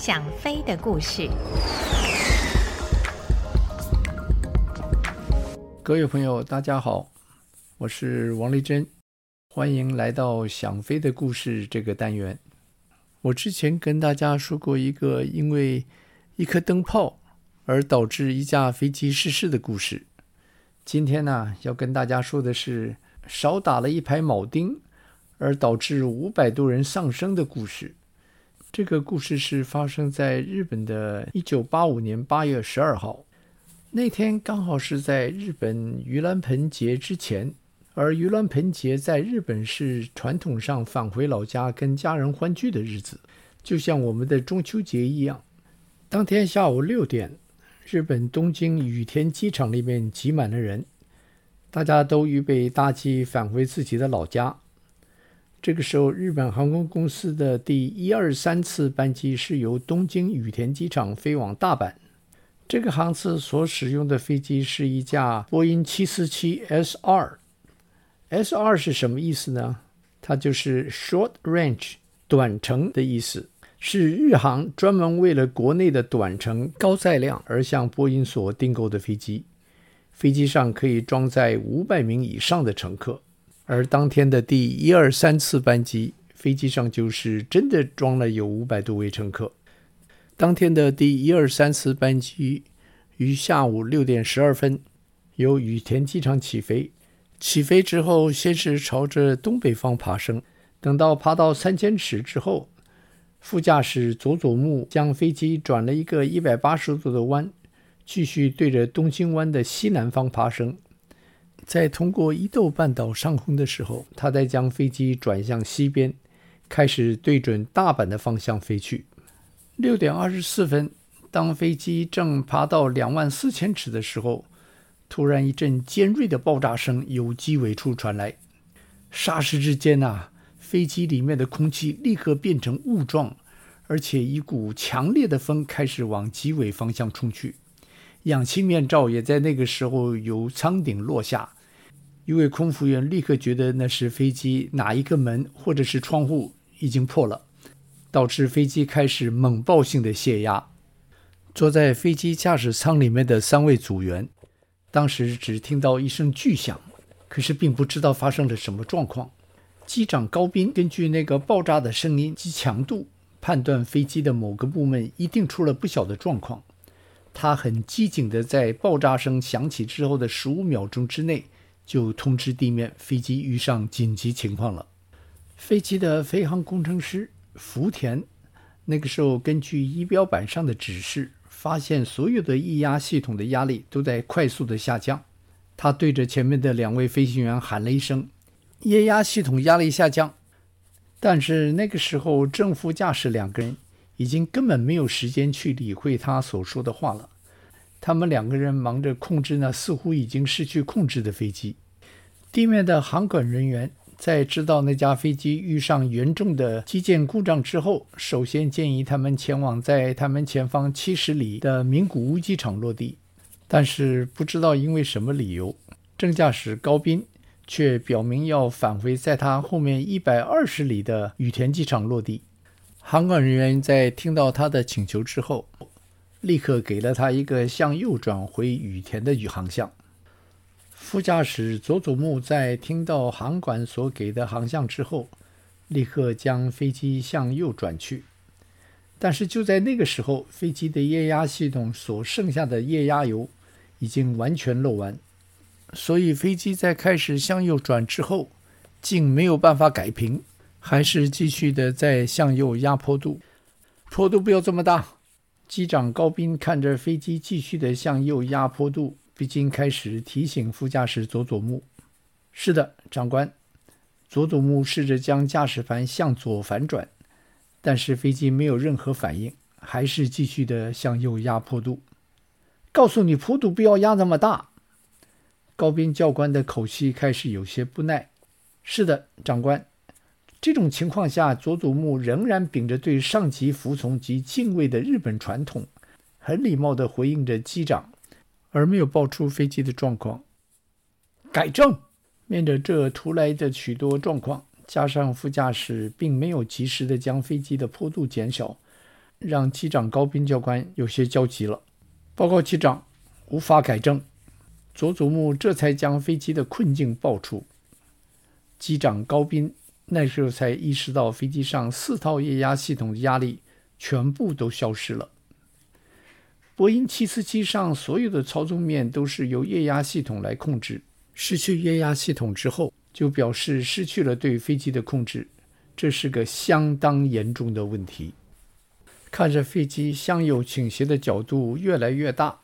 想飛的故事，各位朋友，大家好，我是王麗珍，歡迎來到想飛的故事這個單元。我之前跟大家說過一個因為一顆燈泡而導致一架飛機失事的故事。今天呢、啊，要跟大家說的是少打了一排鉚釘而導致五百多人喪生的故事。這個故事是發生在日本的1985年8月12號，那天剛好是在日本盂蘭盆節之前，而盂蘭盆節在日本是傳統上返回老家跟家人歡聚的日子，就像我們的中秋節一樣。當天下午六點，日本東京羽田機場裡面擠滿了人，大家都預備搭機返回自己的老家。這個時候，日本航空公司的第一二三次班機是由東京羽田機場飛往大阪。這個航次所使用的飛機是一架波音 747SR。SR 是什麼意思呢？它就是 Short Range，短程的意思，是日航專門為了國內的短程高載量而向波音所訂購的飛機。飛機上可以裝載五百名以上的乘客。而當天的第一二三次班機，飛機上就是真的裝了有五百多位乘客。當天的第一二三次班機於下午六點十二分由羽田機場起飛，起飛之後先是朝着東北方爬升，等到爬到三千尺之後，副駕駛佐佐木將飛機轉了一個一百八十度的彎，繼續對着東京灣的西南方爬升。在通過伊豆半島上空的時候，他再將飛機轉向西邊，開始對準大阪的方向飛去。六點二十四分，當飛機正爬到兩萬四千尺的時候，突然一陣尖銳的爆炸聲由機尾處傳來。霎時之間吶、啊，飛機裡面的空氣立刻變成霧狀，而且一股強烈的風開始往機尾方向衝去。氧氣面罩也在那個時候由艙頂落下。一位空服員立刻覺得那是飛機哪一個門或者是窗戶已經破了，導致飛機開始猛爆性的洩壓。坐在飛機駕駛艙裡面的三位組員，當時只聽到一聲巨響，可是並不知道發生了什麼狀況。機長高斌根據那個爆炸的聲音及強度，判斷飛機的某個部門一定出了不小的狀況。他很機警地在爆炸聲響起之後的十五秒鐘之內。就通知地面，飛機遇上緊急情況了。飛機的飛行工程師福田，那個時候根據儀表板上的指示，發現所有的液壓系統的壓力都在快速的下降。他對着前面的兩位飛行員喊了一聲：“液壓系統壓力下降。”但是那個時候，正副駕駛兩個人已經根本沒有時間去理會他所說的話了。他們兩個人忙着控制那似乎已經失去控制的飛機。地面的航管人員在知道那架飛機遇上嚴重的機件故障之後，首先建議他們前往在他們前方七十里的名古屋機場落地。但是不知道因為什麼理由，正駕駛高濱卻表明要返回在他後面一百二十里的羽田機場落地。航管人員在聽到他的請求之後，立刻給了他一個向右轉回羽田的航向。副駕駛佐佐木在聽到航管所給的航向之後，立刻將飛機向右轉去。但是就在那個時候，飛機的液壓系統所剩下的液壓油已經完全漏完，所以飛機在開始向右轉之後，竟沒有辦法改平，還是繼續的在向右壓坡度。坡度不要這麼大。機長高斌看着飛機繼續的向右壓坡度，不禁開始提醒副駕駛佐佐木：“是的，長官。”佐佐木試着將駕駛盤向左反轉，但是飛機沒有任何反應，還是繼續的向右壓坡度。告訴你，坡度不要壓那麼大。高斌教官的口氣開始有些不耐：“是的，長官。”這種情況下，佐佐木仍然秉着對上級服從及敬畏的日本傳統，很禮貌地回應着機長，而沒有報出飛機的狀況。改正，面對這突來的許多狀況，加上副駕駛並沒有及時地將飛機的坡度減小，讓機長高濱教官有些焦急了。報告機長，無法改正。佐佐木這才將飛機的困境報出。機長高濱。那時候才意識到，飛機上四套液壓系統的壓力全部都消失了。波音747上所有的操縱面都是由液壓系統來控制，失去液壓系統之後，就表示失去了對飛機的控制，這是個相當嚴重的問題。看着飛機向右傾斜的角度越來越大，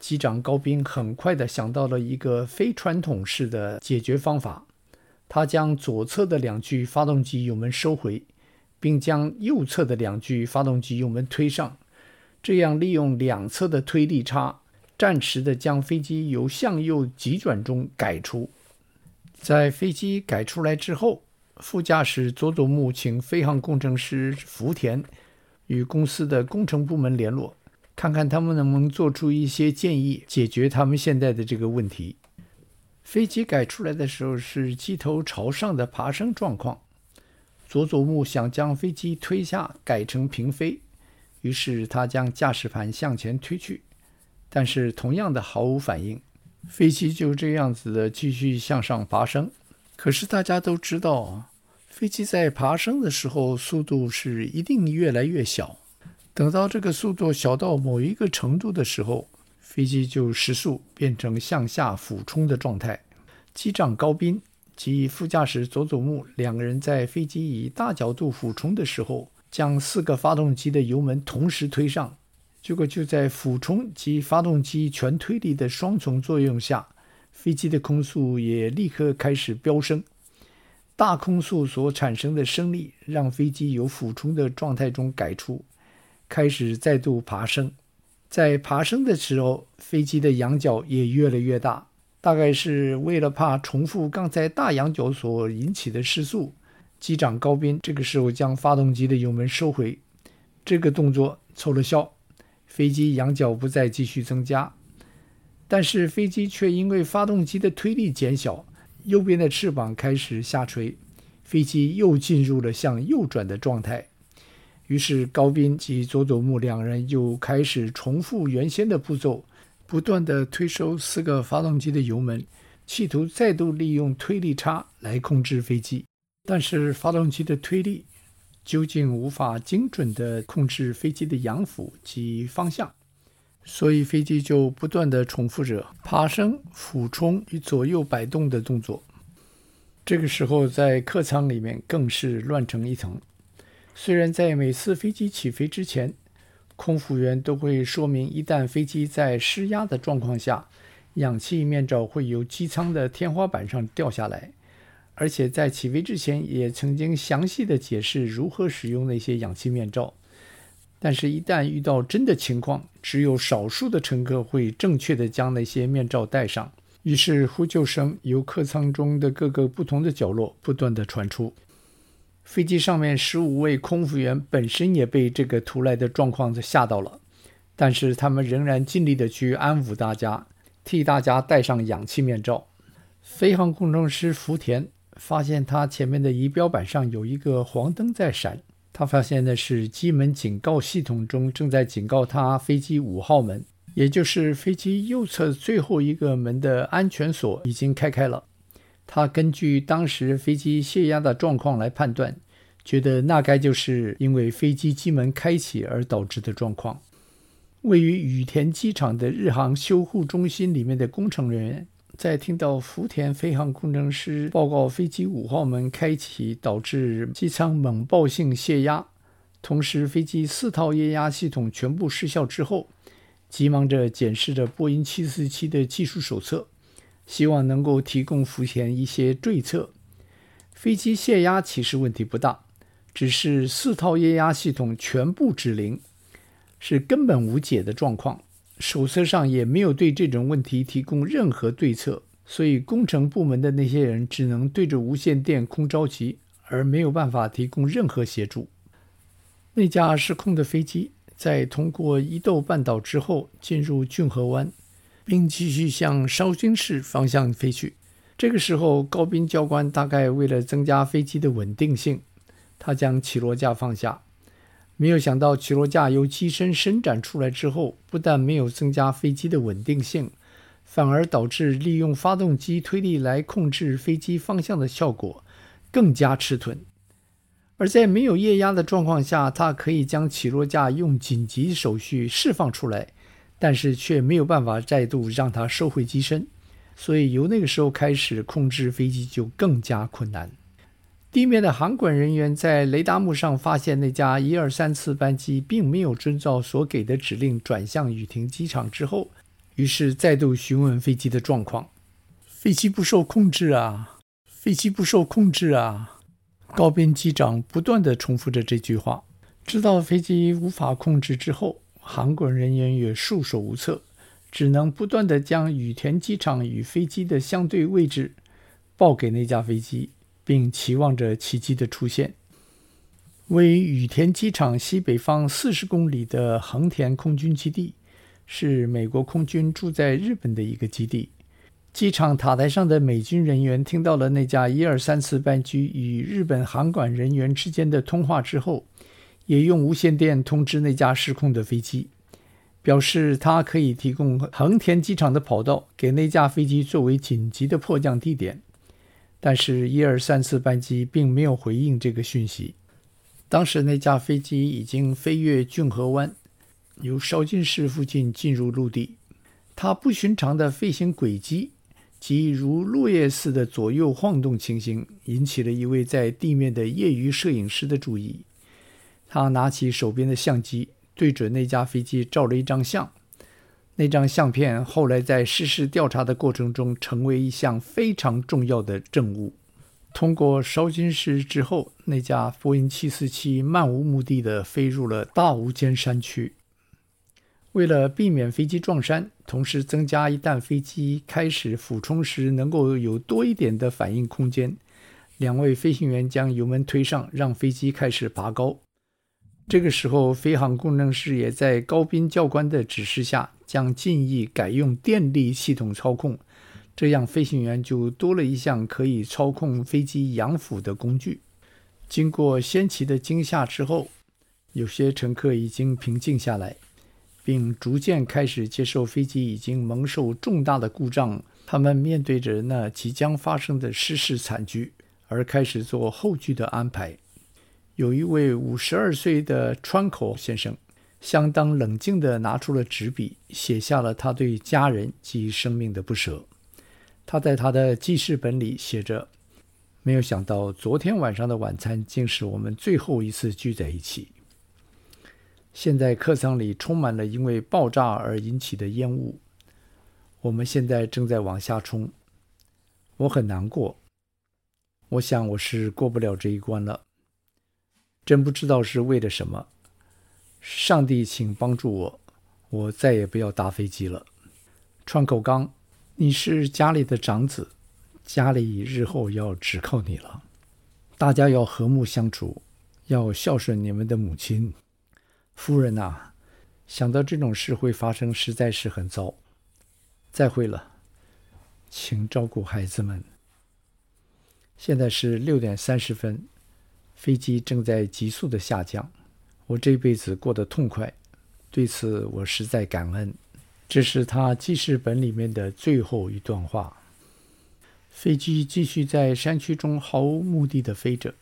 機長高斌很快地想到了一個非傳統式的解決方法。他將左側的兩具發動機油門收回，並將右側的兩具發動機油門推上，這樣利用兩側的推力差，暫時的將飛機由向右急轉中改出。在飛機改出來之後，副駕駛佐佐木請飛航工程師福田與公司的工程部門聯絡，看看他們能不能做出一些建議，解決他們現在的這個問題。飛機改出來的時候是機頭朝上的爬升狀況，佐佐木想將飛機推下改成平飛，於是他將駕駛盤向前推去，但是同樣的毫無反應，飛機就這樣子的繼續向上爬升。可是大家都知道啊，飛機在爬升的時候速度是一定越來越小，等到這個速度小到某一個程度的時候。飛機就失速變成向下俯衝的狀態。機長高濱及副駕駛佐佐木兩個人在飛機以大角度俯衝的時候，將四個發動機的油門同時推上。結果就在俯衝及發動機全推力的雙重作用下，飛機的空速也立刻開始飆升。大空速所產生的升力讓飛機由俯衝的狀態中改出，開始再度爬升。在爬升的時候，飛機的仰角也越來越大，大概是為了怕重複剛才大仰角所引起的失速。機長高斌這個時候將發動機的油門收回，這個動作奏了效，飛機仰角不再繼續增加，但是飛機卻因為發動機的推力減小，右邊的翅膀開始下垂，飛機又進入了向右轉的狀態。於是，高濱及佐佐木兩人又開始重複原先的步驟，不斷的推收四個發動機的油門，企圖再度利用推力差來控制飛機。但是，發動機的推力究竟無法精準的控制飛機的仰俯及方向，所以飛機就不斷的重複着爬升、俯衝與左右擺動的動作。這個時候，在客艙裡面更是亂成一團。雖然在每次飛機起飛之前，空服員都會說明，一旦飛機在失壓的狀況下，氧氣面罩會由機艙的天花板上掉下來，而且在起飛之前也曾經詳細的解釋如何使用那些氧氣面罩。但是，一旦遇到真的情況，只有少數的乘客會正確的將那些面罩戴上。於是，呼救聲由客艙中的各個不同的角落不斷的傳出。飛機上面十五位空服員本身也被這個突來的狀況嚇到了，但是他們仍然盡力的去安撫大家，替大家戴上氧氣面罩。飛航工程師福田發現他前面的儀表板上有一個黃燈在閃，他發現的是機門警告系統中正在警告他飛機五號門，也就是飛機右側最後一個門的安全鎖已經開開了。他根據當時飛機洩壓的狀況來判斷。覺得那該就是因為飛機機門開啟而導致的狀況。位於羽田機場的日航修護中心裡面的工程人員，在聽到福田飛航工程師報告飛機五號門開啟導致機艙猛爆性洩壓，同時飛機四套液壓系統全部失效之後，急忙着檢視着波音七四七的技術手冊，希望能夠提供福田一些對策。飛機洩壓其實問題不大。只是四套液壓系統全部失靈，是根本無解的狀況。手冊上也沒有對這種問題提供任何對策，所以工程部門的那些人只能對着無線電空着急，而沒有辦法提供任何協助。那架失控的飛機在通過伊豆半島之後，進入駿河灣，並繼續向燒津市方向飛去。這個時候，高濱教官大概為了增加飛機的穩定性。他將起落架放下，沒有想到起落架由機身伸展出來之後，不但沒有增加飛機的穩定性，反而導致利用發動機推力來控制飛機方向的效果更加遲鈍。而在沒有液壓的狀況下，他可以將起落架用緊急手續釋放出來，但是卻沒有辦法再度讓它收回機身，所以由那個時候開始控制飛機就更加困難。地面的航管人員在雷達幕上發現那架一二三次班機並沒有遵照所給的指令轉向羽田機場之後，於是再度詢問飛機的狀況：“飛機不受控制啊！飛機不受控制啊！”高邊機長不斷地重複着這句話。知道飛機無法控制之後，航管人員也束手無策，只能不斷地將羽田機場與飛機的相對位置報給那架飛機。並期望着奇跡的出現。位於羽田機場西北方四十公里的橫田空軍基地，是美國空軍駐在日本的一個基地。機場塔台上的美軍人員聽到了那架一二三四班機與日本航管人員之間的通話之後，也用無線電通知那架失控的飛機，表示它可以提供橫田機場的跑道，給那架飛機作為緊急的迫降地點。但是，一二三次班機並沒有回應這個訊息。當時那架飛機已經飛越駿河灣，由燒津市附近進入陸地。它不尋常的飛行軌跡及如落葉似的左右晃動情形，引起了一位在地面的業餘攝影師的注意。他拿起手邊的相機，對準那架飛機照了一張相。那張相片後來在事實調查的過程中成為一項非常重要的證物。通過燒津市之後，那架波音747漫無目的地飛入了大無間山區。為了避免飛機撞山，同時增加一旦飛機開始俯衝時能夠有多一點的反應空間，兩位飛行員將油門推上，讓飛機開始拔高。這個時候，飛航工程師也在高濱教官的指示下，將襟翼改用電力系統操控，這樣飛行員就多了一項可以操控飛機仰俯的工具。經過先期的驚嚇之後，有些乘客已經平靜下來，並逐漸開始接受飛機已經蒙受重大的故障。他們面對着那即將發生的失事慘劇，而開始做後續的安排。有一位五十二歲的川口先生。相當冷靜地拿出了紙筆，寫下了他對家人及生命的不捨。他在他的記事本裡寫着：“沒有想到昨天晚上的晚餐竟是我們最後一次聚在一起。現在客艙裡充滿了因為爆炸而引起的煙霧，我們現在正在往下衝。我很難過。我想我是過不了這一關了。真不知道是為了什麼。”上帝，請幫助我，我再也不要搭飛機了。川口剛，你是家裡的長子，家裡日後要指靠你了。大家要和睦相處，要孝順你們的母親。夫人吶、啊，想到這種事會發生，實在是很糟。再會了，請照顧孩子們。現在是六點三十分，飛機正在急速的下降。我這輩子過得痛快，對此我實在感恩。這是他記事本裡面的最後一段話。飛機繼續在山區中毫無目的的飛着，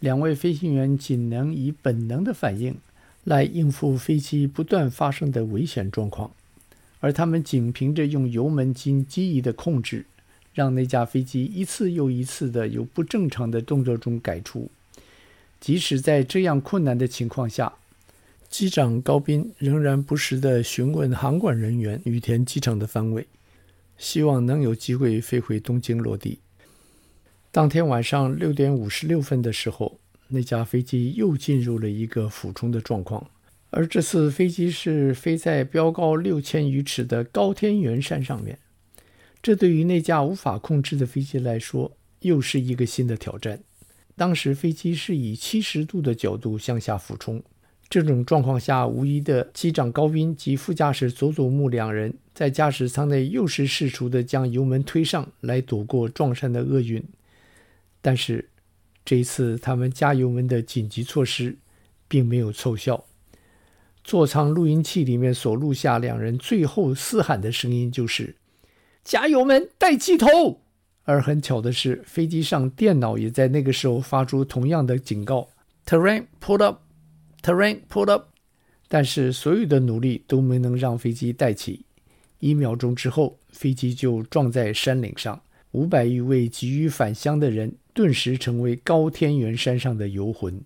兩位飛行員僅能以本能的反應來應付飛機不斷發生的危險狀況，而他們僅憑着用油門及機翼的控制，讓那架飛機一次又一次的由不正常的動作中改出。即使在這樣困難的情況下，機長高斌，仍然不時地詢問航管人員羽田機場的方位，希望能有機會飛回東京落地。當天晚上六點五十六分的時候，那架飛機又進入了一個俯衝的狀況，而這次飛機是飛在標高六千餘尺的高天原山上面。這對於那架無法控制的飛機來說，又是一個新的挑戰。當時飛機是以七十度的角度向下俯衝，這種狀況下，無疑的機長高濱及副駕駛佐佐木兩人在駕駛艙內又是試圖的將油門推上來，躲過撞山的厄運。但是這一次他們加油門的緊急措施並沒有奏效，座艙錄音器裡面所錄下兩人最後嘶喊的聲音就是：“加油門，帶機頭。”而很巧的是，飛機上電腦也在那個時候發出同樣的警告：“Terrain pull up, terrain pull up。”但是所有的努力都沒能讓飛機帶起。一秒鐘之後，飛機就撞在山嶺上。五百餘位急於返鄉的人頓時成為高天原山上的遊魂。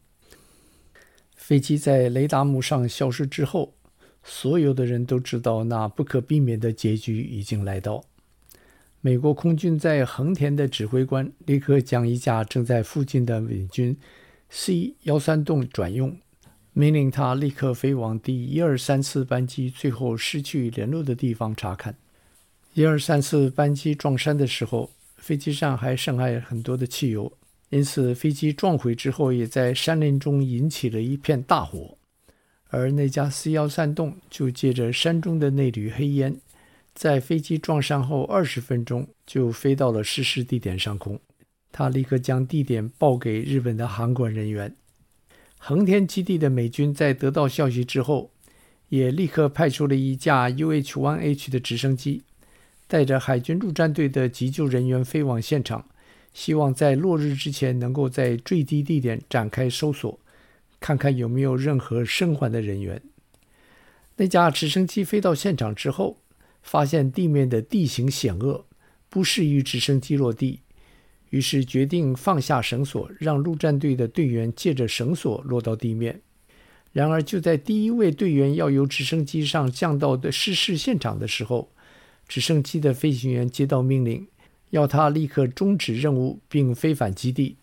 飛機在雷達幕上消失之後，所有的人都知道那不可避免的結局已經來到。美國空軍在橫田的指揮官立刻將一架正在附近的美軍 C 幺三洞轉用，命令他立刻飛往第一二三次班機最後失去聯絡的地方查看。一二三次班機撞山的時候，飛機上還剩下很多的汽油，因此飛機撞毀之後，也在山林中引起了一片大火。而那架 C 幺三洞就借着山中的那縷黑煙。在飛機撞山後二十分鐘，就飛到了失事地點上空。他立刻將地點報給日本的航管人員。橫田基地的美軍在得到消息之後，也立刻派出了一架 UH-1H 的直升機，帶着海軍陸戰隊的急救人員飛往現場，希望在落日之前能夠在墜機地點展開搜索，看看有沒有任何生還的人員。那架直升機飛到現場之後。發現地面的地形險惡，不適於直升機落地，於是決定放下繩索，讓陸戰隊的隊員借着繩索落到地面。然而，就在第一位隊員要由直升機上降到的失事現場的時候，直升機的飛行員接到命令，要他立刻終止任務，並飛返基地，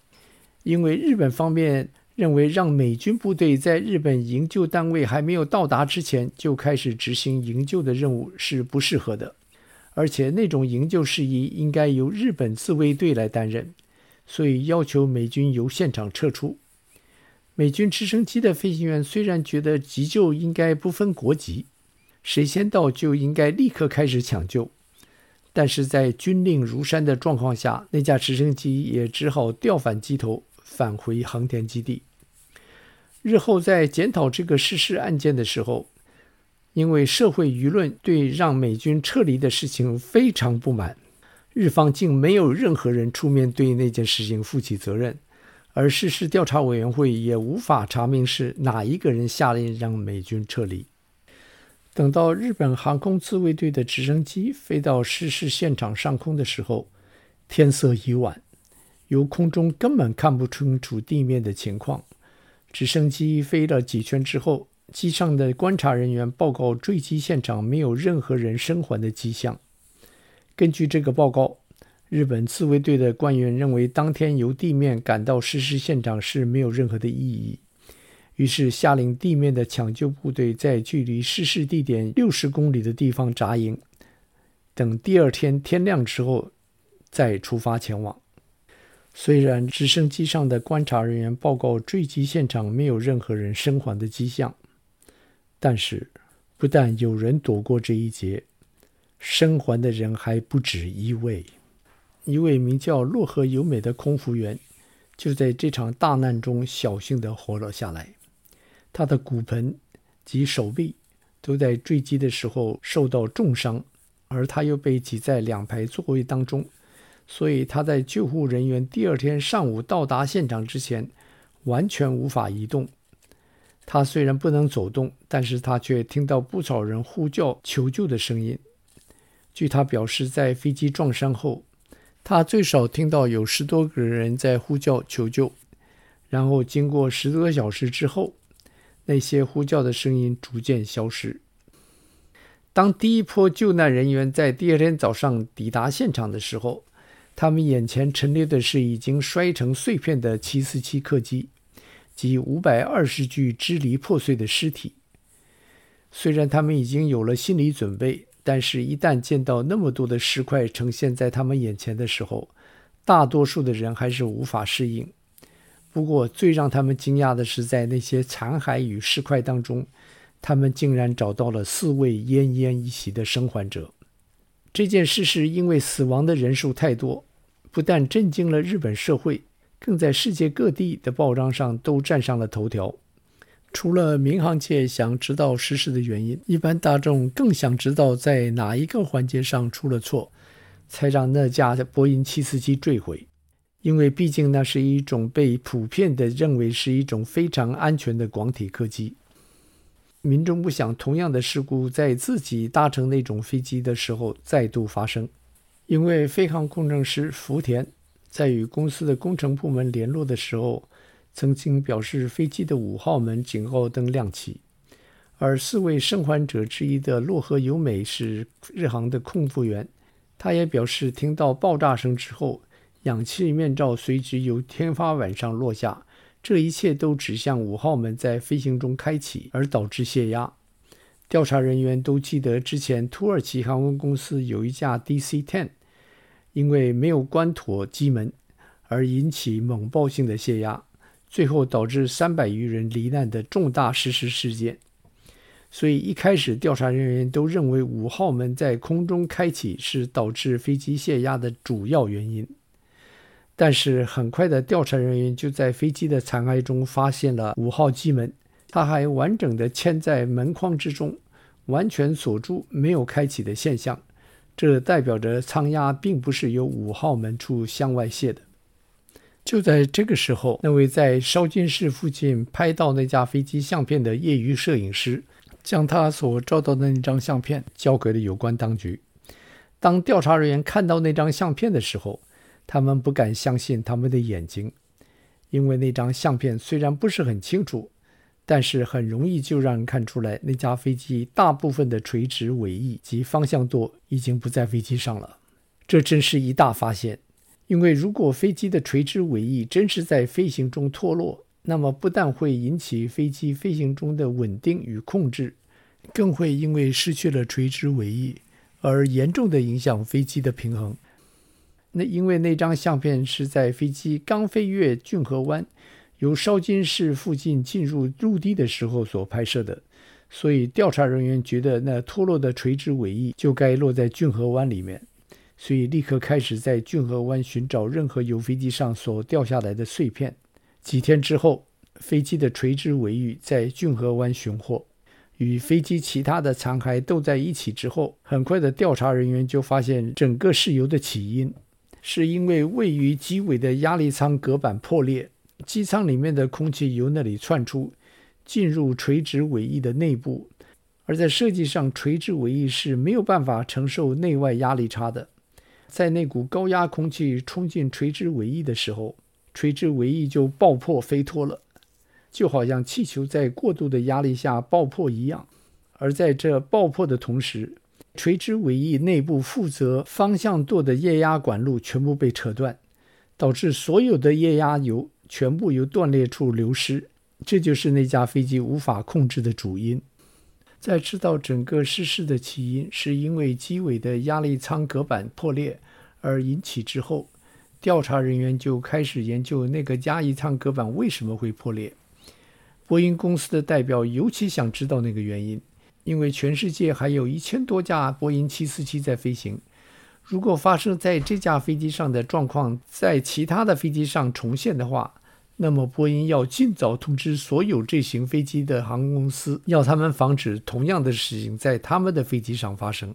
因為日本方面。認為讓美軍部隊在日本營救單位還沒有到達之前就開始執行營救的任務是不適合的，而且那種營救事宜應該由日本自衛隊來擔任，所以要求美軍由現場撤出。美軍直升機的飛行員雖然覺得急救應該不分國籍，誰先到就應該立刻開始搶救，但是在軍令如山的狀況下，那架直升機也只好調返機頭返回橫田基地。日後在檢討這個失事案件的時候，因為社會輿論對讓美軍撤離的事情非常不滿，日方竟沒有任何人出面對那件事情負起責任，而失事調查委員會也無法查明是哪一個人下令讓美軍撤離。等到日本航空自衛隊的直升機飛到失事現場上空的時候，天色已晚，由空中根本看不清楚地面的情況。直升機飛了幾圈之後，機上的觀察人員報告，墜機現場沒有任何人生還的跡象。根據這個報告，日本自衛隊的官員認為，當天由地面趕到失事現場是沒有任何的意義，於是下令地面的搶救部隊在距離失事地點六十公里的地方扎營，等第二天天亮之後再出發前往。雖然直升機上的觀察人員報告，墜機現場沒有任何人生還的跡象，但是不但有人躲過這一劫，生還的人還不止一位。一位名叫洛河由美的空服員，就在這場大難中僥倖地活了下來。他的骨盆及手臂都在墜機的時候受到重傷，而他又被擠在兩排座位當中。所以他在救護人員第二天上午到達現場之前，完全無法移動。他雖然不能走動，但是他卻聽到不少人呼叫求救的聲音。據他表示，在飛機撞山後，他最少聽到有十多個人在呼叫求救。然後經過十多個小時之後，那些呼叫的聲音逐漸消失。當第一波救難人員在第二天早上抵達現場的時候，他們眼前陳列的是已經摔成碎片的747客機及520具支離破碎的屍體。雖然他們已經有了心理準備，但是，一旦見到那麼多的屍塊呈現在他們眼前的時候，大多數的人還是無法適應。不過，最讓他們驚訝的是，在那些殘骸與屍塊當中，他們竟然找到了四位奄奄一息的生還者。這件事是因為死亡的人數太多，不但震驚了日本社會，更在世界各地的報章上都站上了頭條。除了民航界想知道失事的原因，一般大眾更想知道在哪一個環節上出了錯，才讓那架的波音747墜毀。因為畢竟那是一種被普遍的認為是一種非常安全的廣體客機。民眾不想同樣的事故在自己搭乘那種飛機的時候再度發生，因為飛航工程師福田在與公司的工程部門聯絡的時候，曾經表示飛機的五號門警告燈亮起，而四位生還者之一的洛河由美是日航的空服員，他也表示聽到爆炸聲之後，氧氣面罩隨即由天花板上落下。這一切都指向五號門在飛行中開啟而導致洩壓。調查人員都記得，之前土耳其航空公司有一架 DC-10 因為沒有關妥機門而引起猛爆性的洩壓，最後導致三百餘人罹難的重大失事事件。所以一開始，調查人員都認為五號門在空中開啟是導致飛機洩壓的主要原因。但是很快的，調查人員就在飛機的殘骸中發現了五號機門，它還完整的嵌在門框之中，完全鎖住，沒有開啟的現象。這代表着艙壓並不是由五號門處向外洩的。就在這個時候，那位在燒津市附近拍到那架飛機相片的業餘攝影師，將他所照到的那張相片交給了有關當局。當調查人員看到那張相片的時候，他們不敢相信他們的眼睛，因為那張相片雖然不是很清楚，但是很容易就讓人看出來，那架飛機大部分的垂直尾翼及方向舵已經不在飛機上了。這真是一大發現，因為如果飛機的垂直尾翼真是在飛行中脫落，那麼不但會引起飛機飛行中的穩定與控制，更會因為失去了垂直尾翼而嚴重地影響飛機的平衡。那因為那張相片是在飛機剛飛越駿河灣，由燒津市附近進入陸地的時候所拍攝的，所以調查人員覺得那脫落的垂直尾翼就該落在駿河灣裡面，所以立刻開始在駿河灣尋找任何由飛機上所掉下來的碎片。幾天之後，飛機的垂直尾翼在駿河灣尋獲，與飛機其他的殘骸鬥在一起之後，很快的調查人員就發現整個事由的起因。是因為位於機尾的壓力艙隔板破裂，機艙裡面的空氣由那裡竄出，進入垂直尾翼的內部。而在設計上，垂直尾翼是沒有辦法承受內外壓力差的。在那股高壓空氣衝進垂直尾翼的時候，垂直尾翼就爆破飛脫了，就好像氣球在過度的壓力下爆破一樣。而在這爆破的同時，垂直尾翼內部負責方向舵的液壓管路全部被扯斷，導致所有的液壓油全部由斷裂處流失，這就是那架飛機無法控制的主因。在知道整個失事的起因是因為機尾的壓力艙隔板破裂而引起之後，調查人員就開始研究那個壓力艙隔板為什麼會破裂。波音公司的代表尤其想知道那個原因。因為全世界還有一千多架波音747在飛行，如果發生在這架飛機上的狀況在其他的飛機上重現的話，那麼波音要盡早通知所有這型飛機的航空公司，要他們防止同樣的事情在他們的飛機上發生。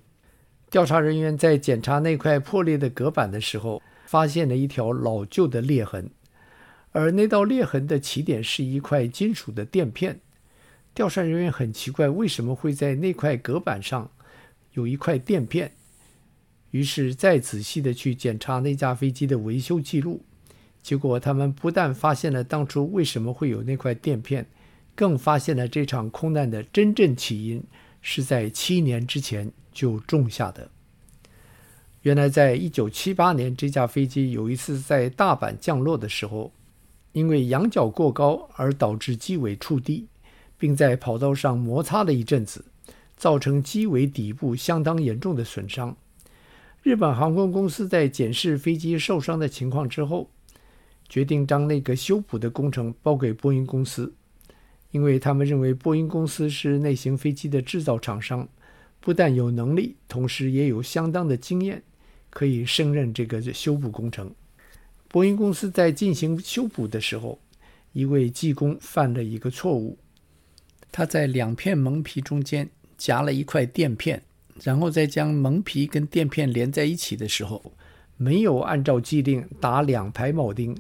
調查人員在檢查那塊破裂的隔板的時候，發現了一條老舊的裂痕，而那道裂痕的起點是一塊金屬的墊片。調查人員很奇怪，為什麼會在那塊隔板上有一塊墊片？於是，再仔細地去檢查那架飛機的維修記錄，結果他們不但發現了當初為什麼會有那塊墊片，更發現了這場空難的真正起因是在七年之前就種下的。原來，在一九七八年，這架飛機有一次在大阪降落的時候，因為仰角過高而導致機尾觸地。並在跑道上摩擦了一陣子，造成機尾底部相當嚴重的損傷。日本航空公司在檢視飛機受傷的情況之後，決定將那個修補的工程包給波音公司，因為他們認為波音公司是那型飛機的制造廠商，不但有能力，同時也有相當的經驗，可以勝任這個修補工程。波音公司在進行修補的時候，一位技工犯了一個錯誤。他在兩片蒙皮中間夾了一塊墊片，然後再將蒙皮跟墊片連在一起的時候，沒有按照既定打兩排鉚釘，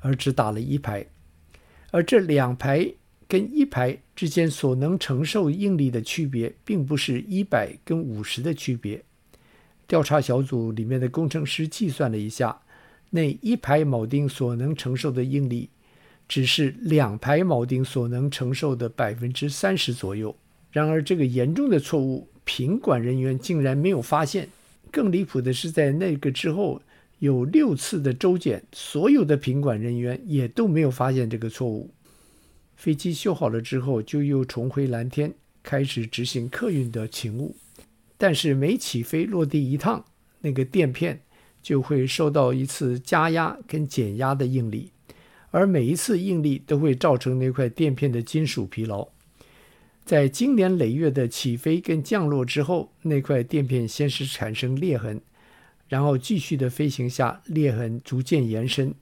而只打了一排。而這兩排跟一排之間所能承受應力的區別，並不是一百跟五十的區別。調查小組裡面的工程師計算了一下，那一排鉚釘所能承受的應力。只是兩排鉚釘所能承受的百分之三十左右。然而，這個嚴重的錯誤，品管人員竟然沒有發現。更離譜的是，在那個之後，有六次的周檢，所有的品管人員也都沒有發現這個錯誤。飛機修好了之後，就又重回藍天，開始執行客運的勤務。但是，每起飛落地一趟，那個墊片就會受到一次加壓跟減壓的應力。而每一次應力都會造成那塊墊片的金屬疲勞。在經年累月的起飛跟降落之後，那塊墊片先是產生裂痕，然後繼續的飛行下，裂痕逐漸延伸，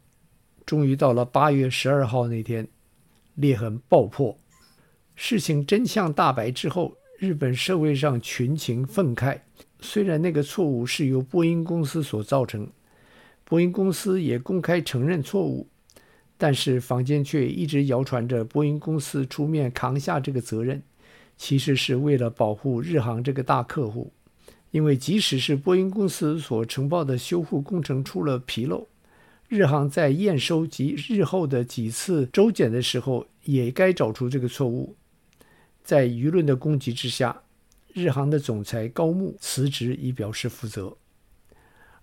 終於到了八月十二號那天，裂痕爆破。事情真相大白之後，日本社會上群情憤慨。雖然那個錯誤是由波音公司所造成，波音公司也公開承認錯誤。但是坊間卻一直謠傳着，波音公司出面扛下這個責任，其實是為了保護日航這個大客戶。因為即使是波音公司所承包的修復工程出了紕漏，日航在驗收及日後的幾次周檢的時候，也該找出這個錯誤。在輿論的攻擊之下，日航的總裁高木辭職以表示負責。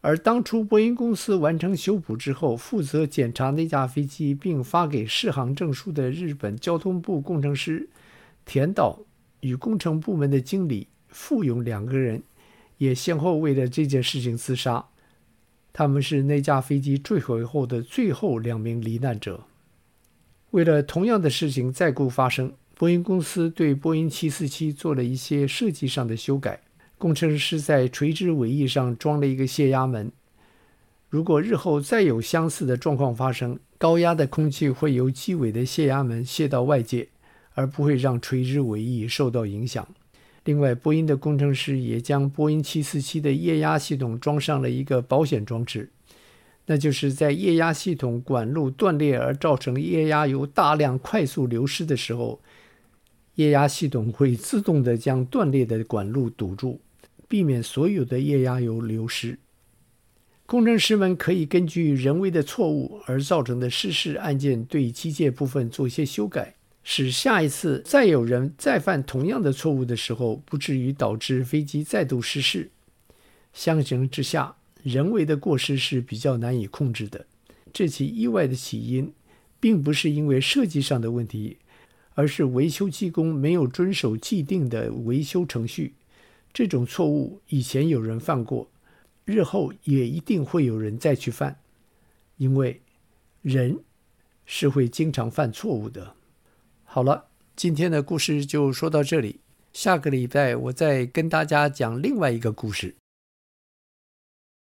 而當初波音公司完成修補之後，負責檢查那架飛機並發給適航證書的日本交通部工程師田島與工程部門的經理富永兩個人，也先後為了這件事情自殺。他們是那架飛機墜毀後的最後兩名罹難者。為了同樣的事情再不發生，波音公司對波音747做了一些設計上的修改。工程師在垂直尾翼上裝了一個洩壓門，如果日後再有相似的狀況發生，高壓的空氣會由機尾的洩壓門洩到外界，而不會讓垂直尾翼受到影響。另外，波音的工程師也將波音747的液壓系統裝上了一個保險裝置，那就是在液壓系統管路斷裂而造成液壓油大量快速流失的時候，液壓系統會自動地將斷裂的管路堵住。避免所有的液壓油流失。工程師們可以根據人為的錯誤而造成的失事案件，對機械部分做些修改，使下一次再有人再犯同樣的錯誤的時候，不至於導致飛機再度失事。相形之下，人為的過失是比較難以控制的。這起意外的起因，並不是因為設計上的問題，而是維修技工沒有遵守既定的維修程序。這種錯誤以前有人犯過，日後也一定會有人再去犯，因為人是會經常犯錯誤的。好了，今天的故事就說到這裡，下個禮拜我再跟大家講另外一個故事。